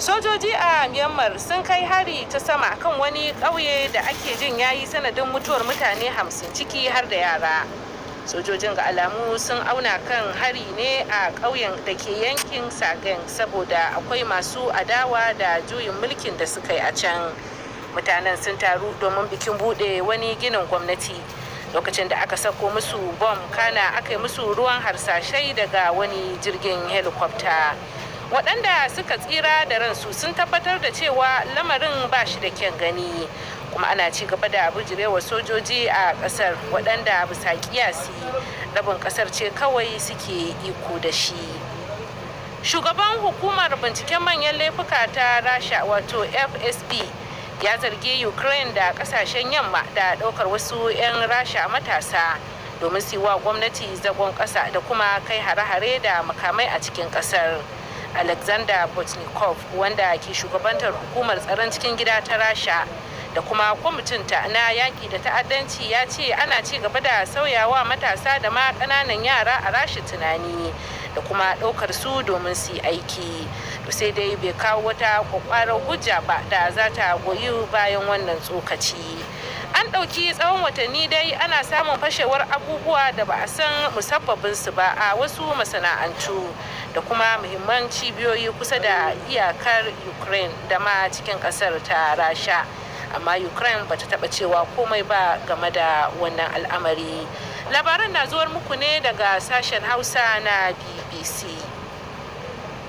sojoji a myanmar sun kai hari ta sama kan wani ƙauye da ake jin yayi sanadin mutuwar mutane hamsin ciki har da yara sojojin ga alamu sun auna kan hari ne a ƙauyen da ke yankin sagan saboda akwai masu adawa da juyin mulkin da suka yi a can mutanen sun taru domin bikin bude wani ginin gwamnati lokacin da aka sako musu bom kana aka yi musu ruwan harsashai daga wani jirgin helikwafta. waɗanda suka tsira da ransu sun tabbatar da cewa lamarin ba shi da kyan gani kuma ana ci gaba da bujirewa sojoji a ƙasar waɗanda bisa kiyasi rabin ƙasar ce kawai suke iko da shi shugaban hukumar binciken manyan laifuka ta rasha wato fsb ya zargi ukraine da ƙasashen yamma da ɗaukar wasu 'yan rasha matasa domin siwa gwamnati zagon ƙasa da kuma kai hare-hare da makamai a cikin ƙasar alexander botnikov wanda ke shugabantar hukumar tsaron cikin gida ta rasha da kuma kwamitinta na yaƙi da ta'addanci ya ce ana ci gaba da sauyawa matasa da ma ƙananan yara a rashin tunani da kuma ɗaukar su domin su aiki to sai dai bai kawo wata kwakwarar hujja ba da za ta goyi bayan wannan tsokaci. an ɗauki tsawon watanni dai ana samun fashewar abubuwa da ba a san musabbabin su ba a wasu masana'antu da kuma muhimman cibiyoyi kusa da iyakar ukraine da ma cikin ƙasar ta rasha amma ukraine bata taɓa cewa komai ba game da wannan al'amari labaran na zuwar muku ne daga sashen hausa na bbc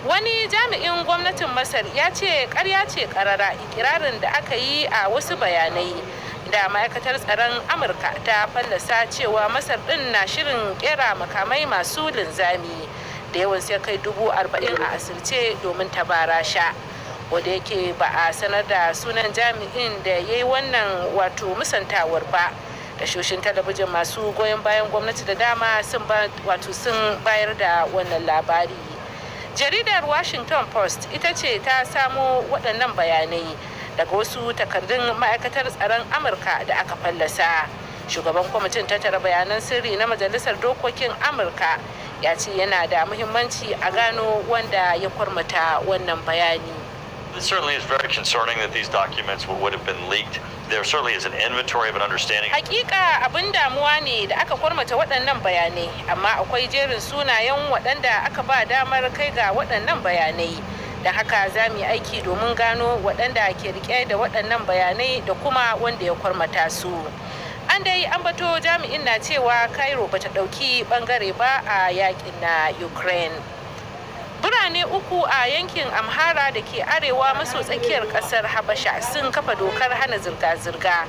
wani jami'in gwamnatin masar ya ce karya ce karara ikirarin da aka yi a wasu bayanai da ma'aikatar tsaron amurka ta fallasa cewa masar din na shirin kera makamai masu linzami da yawan sai kai dubu arba'in a asirce domin tabara sha wadda yake ba a sanar da sunan jami'in da ya yi wannan wato musantawar ba tashoshin talabijin masu goyon bayan gwamnati da dama sun wato sun bayar da wannan labari jaridar washington post ita ce ta samo waɗannan bayanai daga wasu takardun ma'aikatar tsaron amurka da aka fallasa shugaban kwamitin tattara bayanan sirri na majalisar dokokin amurka ya ce yana da muhimmanci a gano wanda ya kwarmata wannan bayani It certainly is very concerning that these documents would have been leaked. There certainly is an inventory of an understanding. Hakika abin damuwa ne da aka kwarmata waɗannan bayanai, amma akwai jerin sunayen waɗanda aka ba damar kai ga waɗannan bayanai. da haka za mu yi aiki domin gano waɗanda ke rike da waɗannan bayanai da kuma wanda ya kwarmata su an dai ambato jami'in na cewa cairo bata ɗauki ɓangare ba a yakin na ukraine birane uku a yankin amhara da ke arewa maso tsakiyar ƙasar habasha sun kafa dokar hana zirga-zirga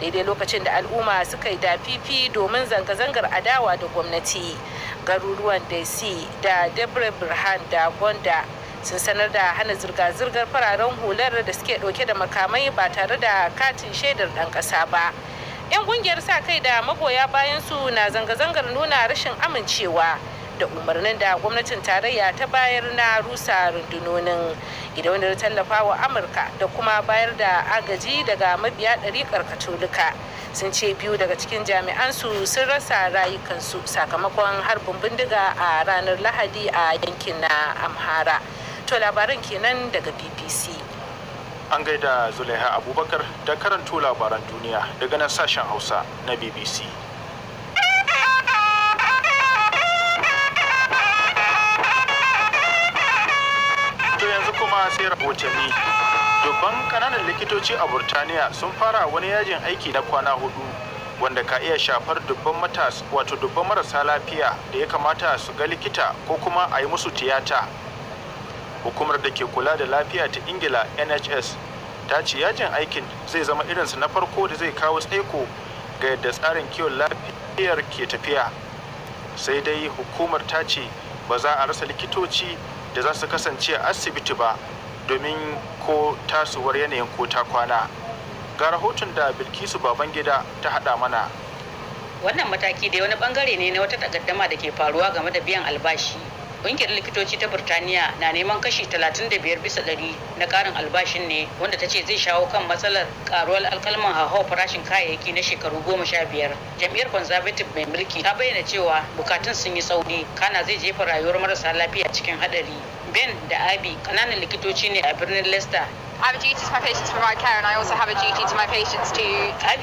daidai lokacin da al'umma suka yi dafifi domin zanga-zangar adawa da gwamnati garuruwan desi da debre birhan da gonda sun sanar da hana zirga-zirgar fararen hular da suke ɗauke da makamai ba tare da katin shaidar ɗan ƙasa ba 'yan kungiyar sa kai da magoya bayan su na zanga-zangar nuna rashin amincewa da umarnin da gwamnatin tarayya ta bayar na rusa rundunonin gidauniyar wa amurka da kuma bayar da agaji daga mabiya ɗariƙar katolika sun ce biyu daga cikin jami'an su sun rasa rayukansu sakamakon harbin bindiga a ranar lahadi a yankin na amhara to labaran kenan daga bbc an gaida zulaiha abubakar da karanto labaran duniya daga nan sashen hausa na bbc to yanzu kuma sai rahotanni dubban kananan likitoci a burtaniya sun fara wani yajin aiki na kwana hudu wanda ka iya shafar dubban matas wato dubban marasa lafiya da ya kamata su ga likita ko kuma a yi musu tiyata hukumar da ke kula da lafiya ta ingila nhs ta ce yajin aikin zai zama irinsa na farko da zai kawo tsaiko ga yadda tsarin kiwon lafiyar ke tafiya sai dai hukumar ta ce ba za a rasa likitoci da za su kasance a asibiti ba domin ko tasuwar yanayin ko ta kwana ga rahoton da bilkisu babangida ta hada mana wannan mataki da wani bangare ne na wata takaddama da ke faruwa game da biyan albashi Ƙungiyar likitoci ta Burtaniya na neman kashi 35 bisa ɗari na ƙarin albashin ne wanda ta ce zai shawo kan matsalar ƙaruwar alkalman hauhawar farashin kayayyaki na shekaru 15. sha Jam'iyyar Conservative mai mulki ta bayyana cewa bukatun sun yi sauri kana zai jefa rayuwar marasa lafiya cikin haɗari. Ben da Abi kananan likitoci ne a birnin Leicester. Abi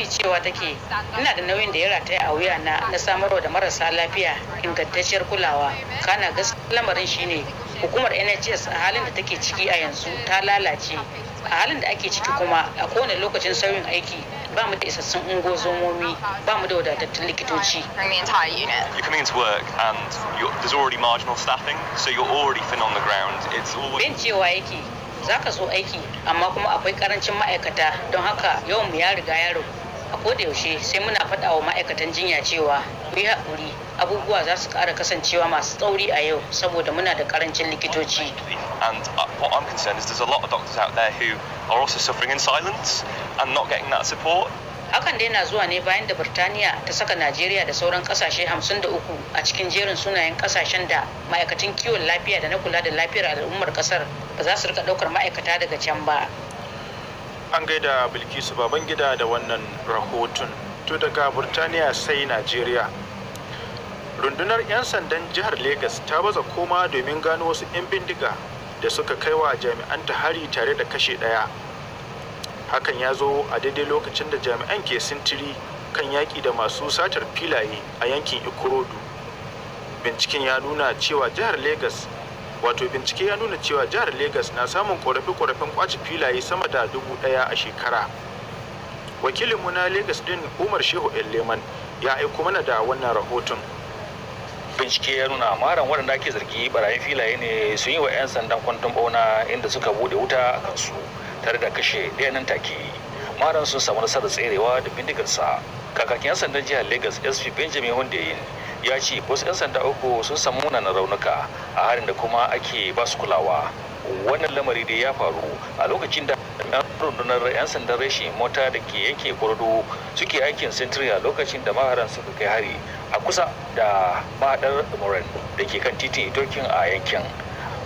cewa take ina da nauyin da ya rataya a wuya na na samarwa da marasa lafiya ingantacciyar kulawa kana gaskiya lamarin shine hukumar NHS a halin da take ciki a yanzu ta lalace a halin da ake ciki kuma a kowane lokacin sauyin aiki ba mu da isassun ungozomomi ba mu da wadatattun likitoci It means work and there's already marginal staffing so you're already thin on the ground it's always Bencewa yake za aiki amma kuma akwai don haka yawan mu ya riga ya ragu a kodayaushe sai muna faɗa wa ma'aikatan jinya cewa ku yi haƙuri abubuwa za su ƙara kasancewa masu And uh, what I'm concerned is there's a lot of doctors out there who are also suffering in silence and not getting that support. hakan dai na zuwa ne bayan da birtaniya ta saka najeriya da sauran kasashe uku a cikin jerin sunayen kasashen da ma'aikatan kiwon lafiya da na kula da lafiyar al'ummar kasar ba za su rika daukar ma'aikata daga can ba an gaida bilkisu baban gida da wannan rahoton to daga Burtaniya sai najeriya rundunar 'yan sandan jihar Legas ta baza koma domin gano wasu 'yan bindiga da suka kai wa jami'an ta hari tare da kashe ɗaya hakan ya zo a daidai lokacin da jami'an ke sintiri kan yaƙi da masu satar filaye a yankin ikorodu binciken ya nuna cewa jihar lagos wato bincike ya nuna cewa jihar lagos na samun korafe-korafen kwaci filaye sama da dubu ɗaya a shekara wakilinmu na lagos din umar shehu leman ya aiko mana da wannan rahoton bincike ya nuna maran waɗanda ake zargi barayin filaye ne sun yi wa 'yan sandan kwanton bauna inda suka bude wuta a kansu tare da kashe ɗaya nan take maran sun samu nasarar tserewa da bindigarsa kakakin 'yan sandan jihar lagos sp benjamin hundeyin ya ce wasu 'yan sanda uku sun samu munanan raunuka a harin da kuma ake ba su kulawa wannan lamari da ya faru a lokacin da yan rundunar 'yan sandan reshe mota da ke yanke kurdu suke aikin sintiri a lokacin da maharan suka kai hari a kusa da mahadar moran da ke kan titin itokin a yankin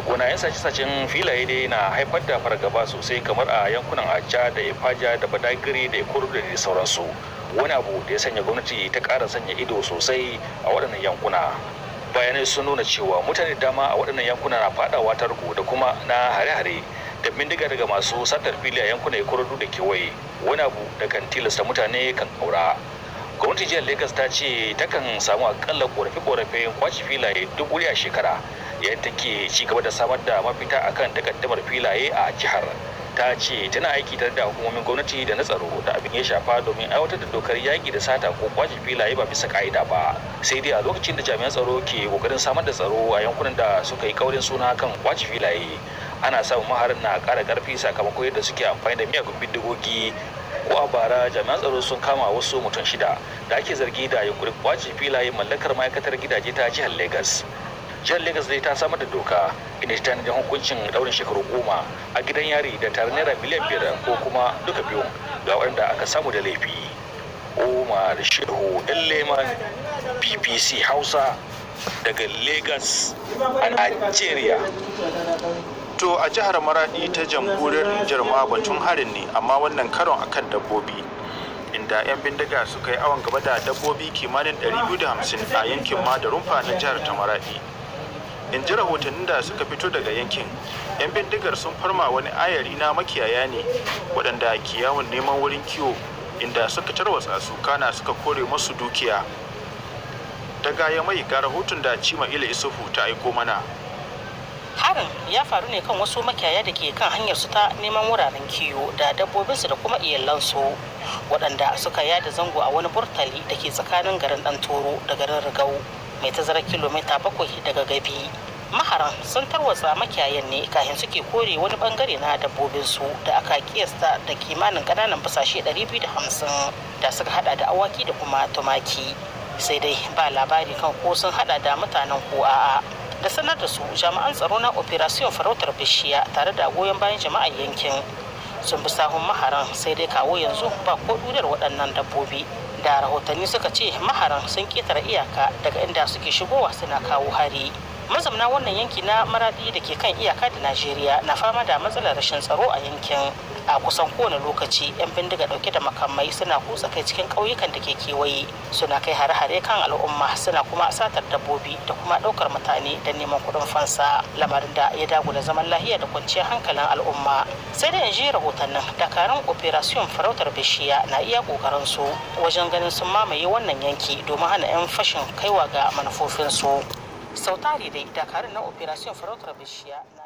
yan sace-sacen filaye dai na haifar da fargaba sosai kamar a yankunan aja da ifaja da badagiri da kurdu da sauransu wani abu da ya sanya gwamnati ta ƙara sanya ido sosai a waɗannan yankuna bayanai sun nuna cewa mutane dama a waɗannan yankuna na faɗawa tarko da kuma na hare-hare da bindiga daga masu satar fili a yankunan ikorodu da kewaye wani abu da kan tilasta mutane kan kaura gwamnatin jihar lagos ta ce takan samu akalla korafe-korafe kwaci filaye duk wuri a shekara yayin take ci gaba da samar da mafita a kan takaddamar filaye a jihar ta ce tana aiki tare da hukumomin gwamnati da na tsaro da abin ya shafa domin aiwatar da dokar yaƙi da sata ko kwace filaye ba bisa ka'ida ba sai dai a lokacin da jami'an tsaro ke kokarin samar da tsaro a yankunan da suka yi kaurin suna kan kwace filaye ana samun maharin na kara karfi sakamakon yadda suke amfani da miyagun bindigogi ko a bara jami'an tsaro sun kama wasu mutum shida da ake zargi da yunkurin kwace filayen mallakar ma'aikatar gidaje ta jihar lagos jihar lagos dai ta samar da doka inda ta da hukuncin daurin shekaru goma a gidan yari da tare naira miliyan biyar ko kuma duka biyu ga wanda aka samu da laifi umar shehu dan leman bbc hausa daga lagos a nigeria to a jihar maradi ta jamhuriyar nijar ma batun harin ne amma wannan karon akan dabbobi inda 'yan bindiga suka yi awon gaba da dabbobi kimanin 250 a yankin ma da rumfa na jihar ta maradi in ji rahotannin da suka fito daga yankin 'yan bindigar sun farma wani ayari na makiyaya ne waɗanda ke yawon neman wurin kiwo inda suka tarwatsa su kana suka kore masu dukiya daga ya mai ga rahoton da cima ila isufu ta aiko mana harin ya faru ne kan wasu makiyaya da ke kan hanyar su ta neman wuraren kiwo da dabbobinsu da kuma iyalansu waɗanda suka yada zango a wani burtali da ke tsakanin garin ɗan toro da garin rigau mai tazara kilomita bakwai daga gabi maharan sun tarwatsa makiyayan ne kafin suke kore wani bangare na dabbobinsu da aka kiyasta da kimanin ƙananan busashe 250 da suka hada da awaki da kuma tumaki sai dai ba labari kan ko sun hada da mutanen ko a'a da sanar da su jami'an tsaro na operation farautar bishiya tare da goyon bayan jama'an yankin sun bi sahun maharan sai dai kawo yanzu ba ko dudar waɗannan dabbobi da rahotanni suka ce maharan sun ketare iyaka daga inda suke shigowa suna kawo hari mazauna wannan yanki na maradi da ke kan iyaka da najeriya na fama da matsalar rashin tsaro a yankin a kusan kowane lokaci 'yan bindiga dauke da makamai suna kutsa kai cikin ƙauyukan da ke kewaye suna kai hare-hare kan al'umma suna kuma satar dabbobi da kuma ɗaukar mutane da neman kuɗin fansa lamarin da ya dagula zaman lahiya da kwanciyar hankalin al'umma sai da yanzu rahotannin dakarun operation farautar bishiya na iya ƙoƙarin su wajen ganin sun mamaye wannan yanki domin hana 'yan fashin kaiwa ga manufofinsu sautari dai dakarun na operation farautar bishiya na